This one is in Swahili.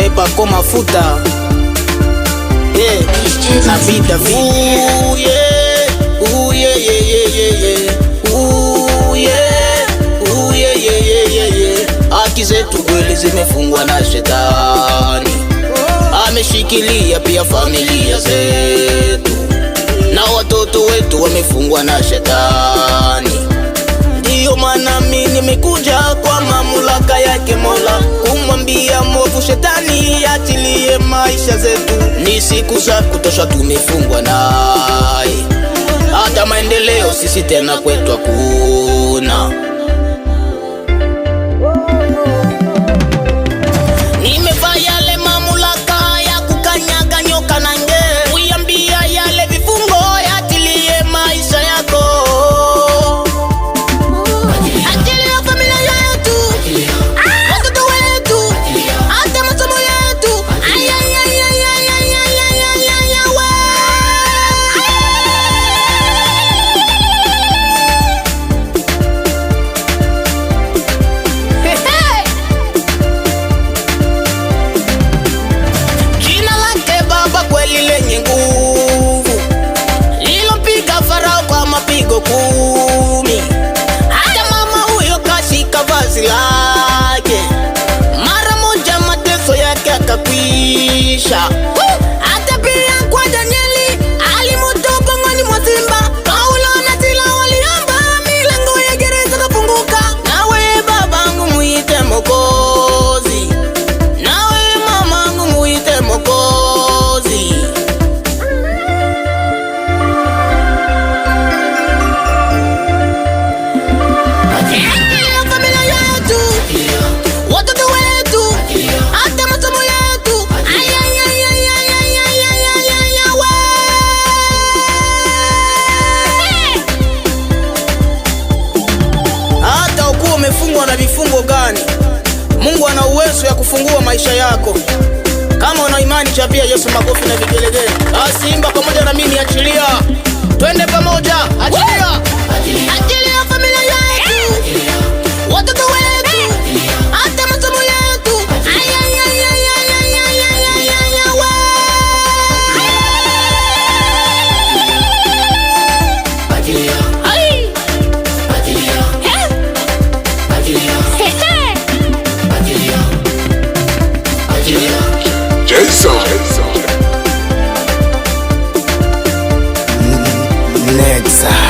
mafuta epako mafuta yeah. na vida haki zetu kweli zimefungwa na shetani, ameshikilia pia familia zetu na watoto wetu wamefungwa na shetani. Ndiyo maana mimi nimekuja kwa mamlaka yake Mola Shetani achilie maisha zetu, ni siku za kutosha tumefungwa naye, hata maendeleo sisi tena kwetu hakuna. 啊。umefungwa na vifungo gani. Mungu ana uwezo ya kufungua maisha yako kama una imani. Chapia Yesu makofi na vigelegele. Basi ah, imba pamoja na mimi, achilia, twende pamoja, achilia peso. Nexa.